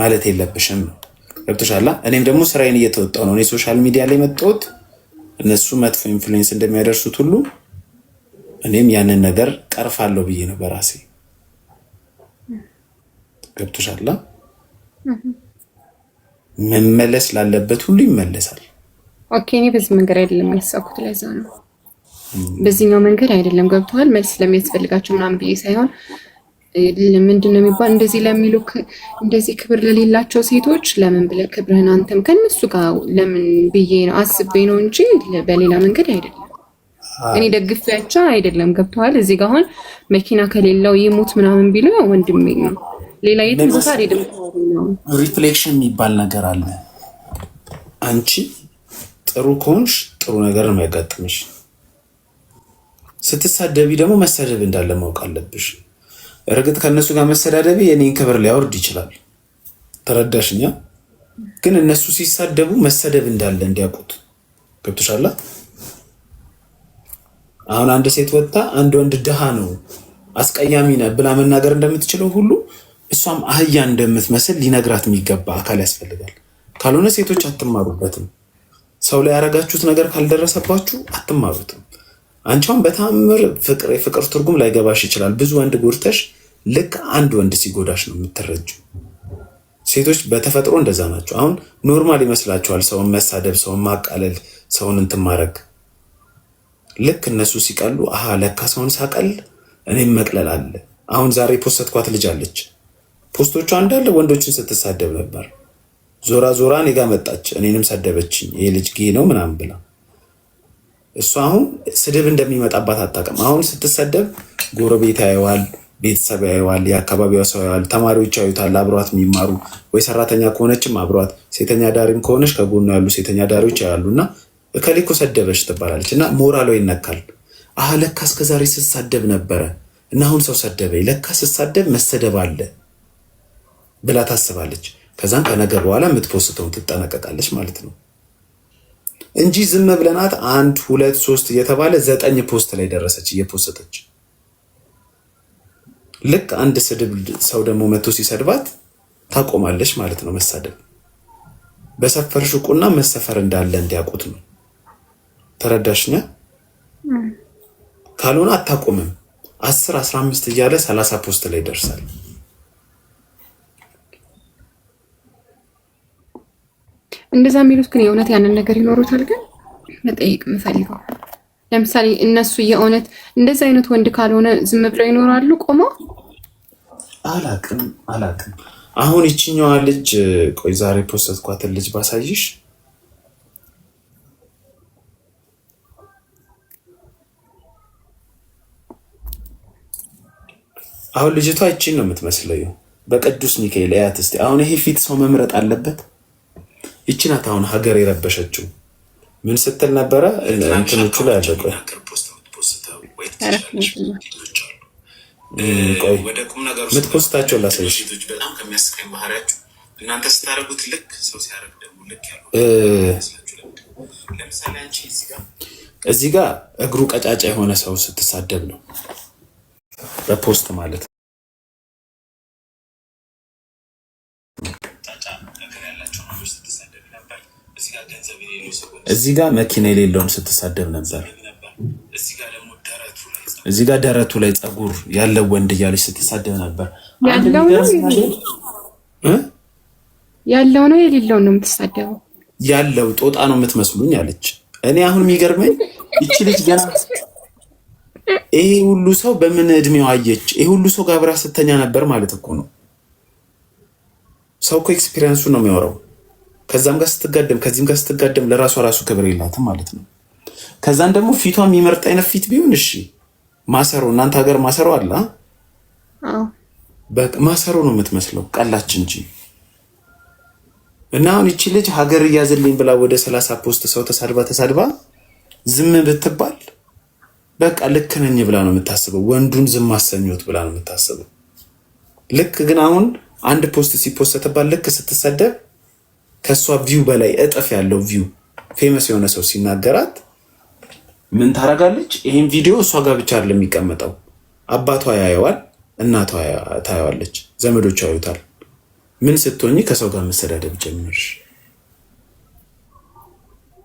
ማለት የለብሽም ነው። ገብቶሻላ። እኔም ደግሞ ስራዬን እየተወጣው ነው። እኔ ሶሻል ሚዲያ ላይ መጣሁት እነሱ መጥፎ ኢንፍሉዌንስ እንደሚያደርሱት ሁሉ እኔም ያንን ነገር ቀርፋለሁ ብዬ ነው በራሴ ገብቶሻላ። መመለስ ላለበት ሁሉ ይመለሳል። ኦኬ። እኔ በዚህ መንገድ አይደለም ያሳኩት፣ ለዛ ነው በዚህኛው መንገድ አይደለም ገብተዋል። መልስ ስለሚያስፈልጋቸው ምናምን ብዬ ሳይሆን ምንድን ነው የሚባል እንደዚህ ለሚሉ እንደዚህ ክብር ለሌላቸው ሴቶች ለምን ብለህ ክብርህን አንተም ከነሱ ጋር ለምን ብዬ ነው አስቤ ነው እንጂ በሌላ መንገድ አይደለም። እኔ ደግፊያቸው አይደለም። ገብተዋል። እዚህ ጋር አሁን መኪና ከሌለው ይሙት ምናምን ቢሉ ወንድሜ ነው። ሌላ የትም ቦታ አልሄድም። ሪፍሌክሽን የሚባል ነገር አለ። አንቺ ጥሩ ከሆንሽ ጥሩ ነገር ነው የሚያጋጥምሽ። ስትሳደቢ ደግሞ መሰደብ እንዳለ ማወቅ አለብሽ። እርግጥ ከእነሱ ጋር መሰዳደብ የኔን ክብር ሊያወርድ ይችላል። ተረዳሽኛ? ግን እነሱ ሲሳደቡ መሰደብ እንዳለ እንዲያውቁት ገብቶሻላ። አሁን አንድ ሴት ወጥታ አንድ ወንድ ድሃ ነው አስቀያሚ ነ ብላ መናገር እንደምትችለው ሁሉ እሷም አህያ እንደምትመስል ሊነግራት የሚገባ አካል ያስፈልጋል። ካልሆነ ሴቶች አትማሩበትም። ሰው ላይ ያረጋችሁት ነገር ካልደረሰባችሁ አትማሩትም። አንቺውን በታምር ፍቅር የፍቅር ትርጉም ላይገባሽ ይችላል። ብዙ ወንድ ጎድተሽ ልክ አንድ ወንድ ሲጎዳሽ ነው የምትረጁ። ሴቶች በተፈጥሮ እንደዛ ናቸው። አሁን ኖርማል ይመስላችኋል ሰውን መሳደብ፣ ሰውን ማቃለል፣ ሰውን እንትን ማድረግ። ልክ እነሱ ሲቀሉ አሀ ለካ ሰውን ሳቀል እኔም መቅለል አለ። አሁን ዛሬ ፖስተትኳት ልጅ አለች። ፖስቶቿ እንዳለ ወንዶችን ስትሳደብ ነበር። ዞራ ዞራ እኔ ጋ መጣች፣ እኔንም ሰደበችኝ። ይሄ ልጅ ጌ ነው ምናምን ብላ እሱ አሁን ስድብ እንደሚመጣባት አታውቅም። አሁን ስትሰደብ ጎረቤት ያየዋል፣ ቤተሰብ ያየዋል፣ የአካባቢዋ ሰው ያየዋል፣ ተማሪዎች ያዩታል፣ አብሯት የሚማሩ ወይ ሰራተኛ ከሆነችም አብሯት፣ ሴተኛ ዳሪም ከሆነች ከጎኑ ያሉ ሴተኛ ዳሪዎች ያሉ እና እከሌ እኮ ሰደበች ትባላለች እና ሞራሏ ይነካል። አህ ለካ እስከዛሬ ስትሳደብ ነበረ እና አሁን ሰው ሰደበኝ፣ ለካ ስትሳደብ መሰደብ አለ ብላ ታስባለች። ከዛም ከነገ በኋላ የምትፖስተውን ትጠነቀቃለች ማለት ነው። እንጂ ዝም ብለናት አንድ ሁለት ሶስት እየተባለ ዘጠኝ ፖስት ላይ ደረሰች እየፖሰተች ልክ አንድ ስድብ ሰው ደግሞ መቶ ሲሰድባት ታቆማለች ማለት ነው። መሳደብ በሰፈር ሽቁና መሰፈር እንዳለ እንዲያውቁት ነው። ተረዳሽኛ? ካልሆነ አታቆምም። አስር አስራ አምስት እያለ ሰላሳ ፖስት ላይ ደርሳል። እንደዛ የሚሉት ግን የእውነት ያንን ነገር ይኖሩታል። ግን መጠየቅ የምፈልገው ለምሳሌ እነሱ የእውነት እንደዚ አይነት ወንድ ካልሆነ ዝም ብለው ይኖራሉ ቆሞ አላቅም አላቅም። አሁን ይችኛዋ ልጅ ቆይ ዛሬ ፖስተትኳትን ልጅ ባሳይሽ አሁን ልጅቷ ይችን ነው የምትመስለው። በቅዱስ ሚካኤል እያት እስኪ። አሁን ይሄ ፊት ሰው መምረጥ አለበት። ይቺ ናት አሁን ሀገር የረበሸችው። ምን ስትል ነበረ? እንትኖቹ ላይ አለቀ። ምትፖስታቸው ላሳይሽ። እናንተ ስታደርጉት ልክ ሰው ሲያደርግ ደግሞ ልክ እዚህ ጋር እግሩ ቀጫጫ የሆነ ሰው ስትሳደብ ነው በፖስት ማለት ነው። እዚህ ጋር መኪና የሌለውን ስትሳደብ ነበር። እዚህ ጋር ደረቱ ላይ ጸጉር ያለው ወንድ እያለች ስትሳደብ ነበር። ያለው ነው የሌለውን ነው የምትሳደበው። ያለው ጦጣ ነው የምትመስሉኝ አለች። እኔ አሁን የሚገርመኝ ይቺ ልጅ ገና ይሄ ሁሉ ሰው በምን እድሜው አየች? ይሄ ሁሉ ሰው ጋብራ ስተኛ ነበር ማለት እኮ ነው። ሰው እኮ ኤክስፒሪየንሱ ነው የሚያወራው። ከዛም ጋር ስትጋደም ከዚህም ጋር ስትጋደም ለራሷ ራሱ ክብር የላትም ማለት ነው። ከዛን ደግሞ ፊቷ የሚመርጥ አይነት ፊት ቢሆን እሺ። ማሰሮ እናንተ ሀገር ማሰሮ አለ። ማሰሮ ነው የምትመስለው ቀላች እንጂ እና አሁን ይቺ ልጅ ሀገር እያዘልኝ ብላ ወደ ሰላሳ ፖስት ሰው ተሳድባ ተሳድባ ዝም ብትባል በቃ ልክ ነኝ ብላ ነው የምታስበው። ወንዱን ዝም አሰኙት ብላ ነው የምታስበው። ልክ ግን አሁን አንድ ፖስት ሲፖስተትባል ልክ ስትሰደብ ከእሷ ቪው በላይ እጥፍ ያለው ቪው ፌመስ የሆነ ሰው ሲናገራት ምን ታረጋለች? ይህም ቪዲዮ እሷ ጋር ብቻ አይደለም የሚቀመጠው። አባቷ ያየዋል፣ እናቷ ታየዋለች፣ ዘመዶቿ ያዩታል። ምን ስትሆኝ ከሰው ጋር መሰዳደብ ጀምርሽ?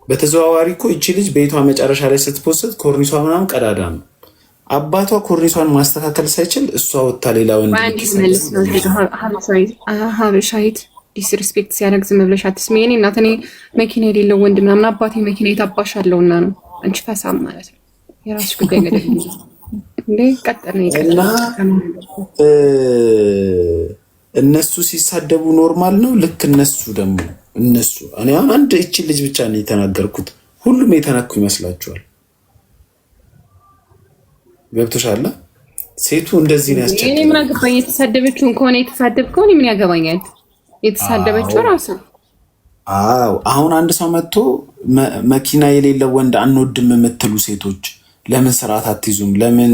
በተዘዋዋሪ እኮ እቺ ልጅ ቤቷ መጨረሻ ላይ ስትፖስት ኮርኒሷ ምናምን ቀዳዳ ነው። አባቷ ኮርኒሷን ማስተካከል ሳይችል እሷ ወታ ሌላ ወንድ ዲስሪስፔክት ሲያደርግ ዝም ብለሽ አትስሚ። እኔ እናት እኔ መኪና የሌለው ወንድ ምናምን አባቴ መኪና የታባሽ አለውና ነው አንቺ ፈሳም ማለት ነው። የራስሽ ጉዳይ ነገር እንዴ ቀጠነ እና እነሱ ሲሳደቡ ኖርማል ነው። ልክ እነሱ ደግሞ እነሱ እኔ አሁን አንድ እቺ ልጅ ብቻ ነው የተናገርኩት። ሁሉም የተናኩ ይመስላችኋል? ገብቶሻል? ሴቱ እንደዚህ ነው ያስቸግረው። እኔ ምን አገባኝ? የተሳደበችውን ከሆነ የተሳደብ ከሆነ ምን ያገባኛል? የተሳደበችው ራሱ አዎ። አሁን አንድ ሰው መጥቶ መኪና የሌለው ወንድ አንወድም የምትሉ ሴቶች ለምን ስርዓት አትይዙም? ለምን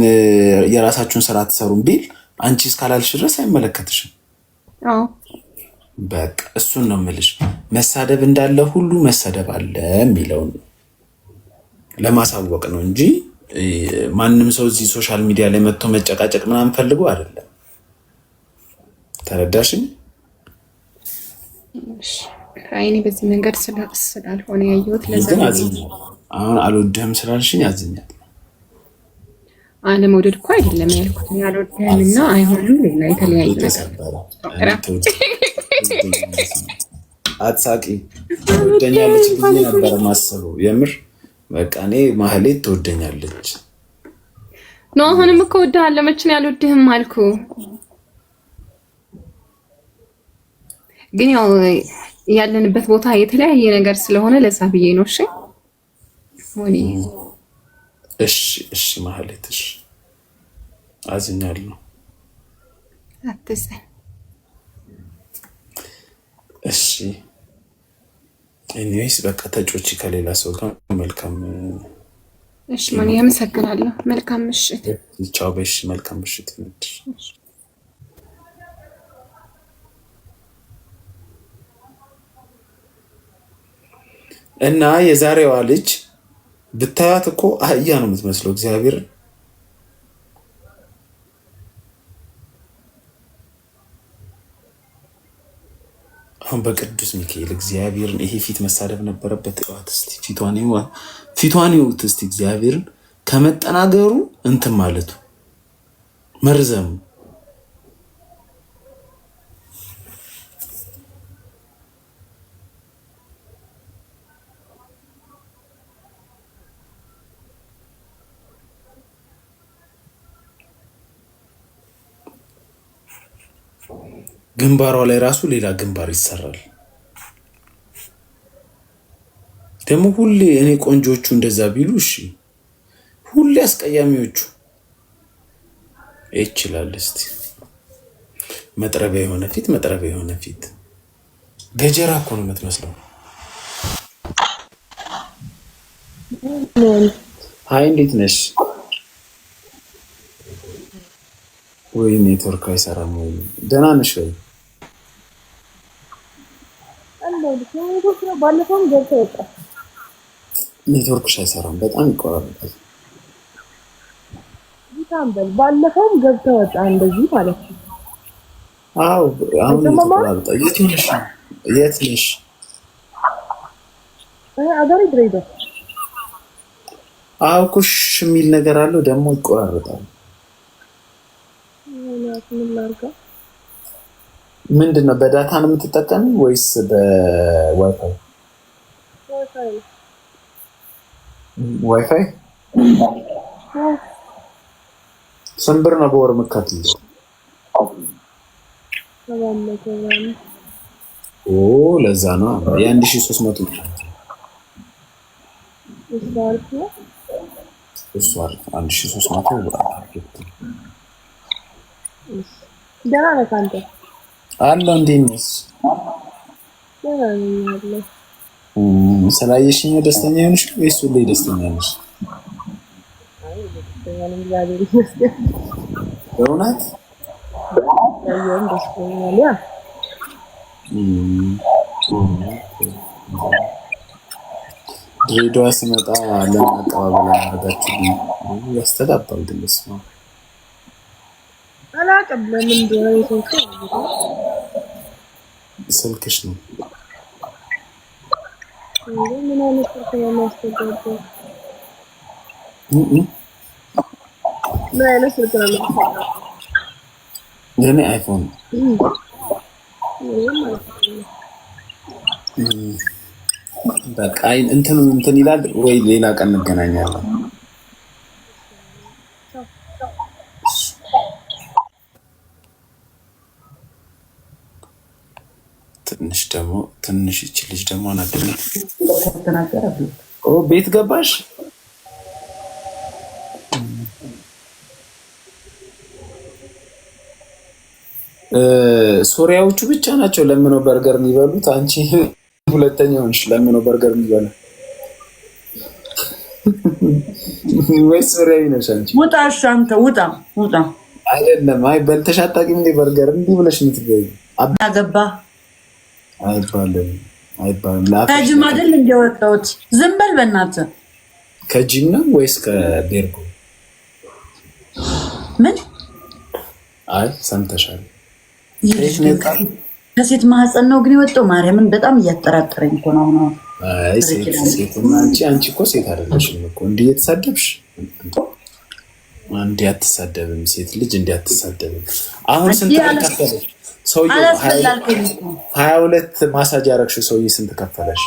የራሳችሁን ስራ አትሰሩም ቢል አንቺ እስካላልሽ ድረስ አይመለከትሽም። በቃ እሱን ነው የምልሽ። መሳደብ እንዳለ ሁሉ መሰደብ አለ የሚለውን ለማሳወቅ ነው እንጂ ማንም ሰው እዚህ ሶሻል ሚዲያ ላይ መጥቶ መጨቃጨቅ ምናምን ፈልጎ አይደለም። ተረዳሽኝ? አይኔ በዚህ መንገድ ስላልሆነ ያየሁት ለዛግን አዝኛል። አሁን አልወደህም ስላልሽኝ አዝኛል። አለመውደድ እኮ አይደለም ያልኩት አልወደህም እና አይሆንም ሌላ የተለያዩ አትሳቂ ትወደኛለች ብዬ ነበር ማስበው። የምር በቃ እኔ ማህሌት ትወደኛለች ኖ አሁንም እኮ ወድሃለሁ። መቼ ያልወድህም አልኩ ግን ያው ያለንበት ቦታ የተለያየ ነገር ስለሆነ ለዛ ብዬ ነው። እሺ ወኔ እሺ፣ እሺ ማህሌት እሺ፣ አዝኛለሁ። አትዘን። እሺ ኤኒዌይስ በቃ ተጮች ከሌላ ሰው ጋር መልካም። እሺ ማን ያመሰግናለሁ። መልካም ምሽት። ቻው። በሽ መልካም ምሽት ነች። እና የዛሬዋ ልጅ ብታያት እኮ አህያ ነው የምትመስለው። እግዚአብሔር አሁን በቅዱስ ሚካኤል እግዚአብሔርን ይሄ ፊት መሳደብ ነበረበት። ፊቷን ይውት እግዚአብሔርን ከመጠናገሩ እንትን ማለቱ መርዘሙ ግንባሯ ላይ ራሱ ሌላ ግንባር ይሰራል። ደግሞ ሁሌ እኔ ቆንጆቹ እንደዛ ቢሉ እሺ፣ ሁሌ አስቀያሚዎቹ ይችላል። እስቲ መጥረቢያ የሆነ ፊት መጥረቢያ የሆነ ፊት ገጀራ እኮ ነው የምትመስለው። አይ እንዴት ነሽ? ወይ ኔትወርክ አይሰራም ወይ ደህና ነሽ ወይ? ኔትወርክሽ አይሰራም፣ በጣም ይቆራረጣል። ባለፈውም ገብተ ወጣ እንደዚህ ማለት ነው። አሁን ይቆራረጣል። የት ነሽ? የት ነሽ? አገሬ ድሬዳዋ። አዎ የሚል ነገር አለው ደግሞ ይቆራረጣል። ማለት ምን ላድርገው? ምንድን ነው በዳታ ነው የምትጠቀሚ ወይስ በዋይፋይ? ዋይፋይ ስንት ብር ነው በወር የምትከፍይው? ኦ ለዛ ነው የአንድ ሺህ ሦስት መቶ እሱ አሪፍ ነው። አንድ መቶ ደህና ነህ አንተ? አለሁ። እንዴት ነሽ? ደህና ነኝ አለሁ። ስላየሽኝ ደስተኛ ሆንሽ ወይስ ሁሌ ደስተኛ ነሽ? በእውነት ድሬዳዋ ስመጣ ለማቀባበል አደረጋችሁ ያስተጋባል ድምፅ ነው ስልክሽ ነው። ምን አይነት ስልክ ነው የኔ አይፎን በቃ እንትን እንትን ይላል ወይ ሌላ ቀን እንገናኛለን። ትንሽ ደግሞ ትንሽ ይች ልጅ ደግሞ ቤት ገባሽ ሶሪያዎቹ ብቻ ናቸው ለምነው በርገር የሚበሉት። አንቺ ሁለተኛ ሆንሽ ለምነው በርገር የሚበላ ወይ ሶሪያዊ ነሽ አንቺ። ውጣ እሺ፣ አንተ ውጣ ውጣ። አይደለም አይ በልተሽ አታውቂም በርገር እንዲህ ብለሽ የምትገቢ አባ አይባልም አይባልም። ከጅም አይደል እንደወጣሁት ዝም በል በእናትህ። ከጅም ነው ወይስ ከቤርጎ? ምን አይ ሰምተሻል። ከሴት ማህፀን ነው ግን የወጣው። ማርያምን በጣም እያጠራጠረኝ እኮ ነው። አንቺ እኮ ሴት አይደለሽም እኮ እንዲህ እየተሳደብሽ እንዲህ አትሳደብም። ሴት ልጅ እንዲህ አትሳደብም። አሁን ስንት ቀን ሰውዬው ሀያ ሁለት ማሳጅ ያረግሽው ሰውዬ ስንት ከፈለሽ?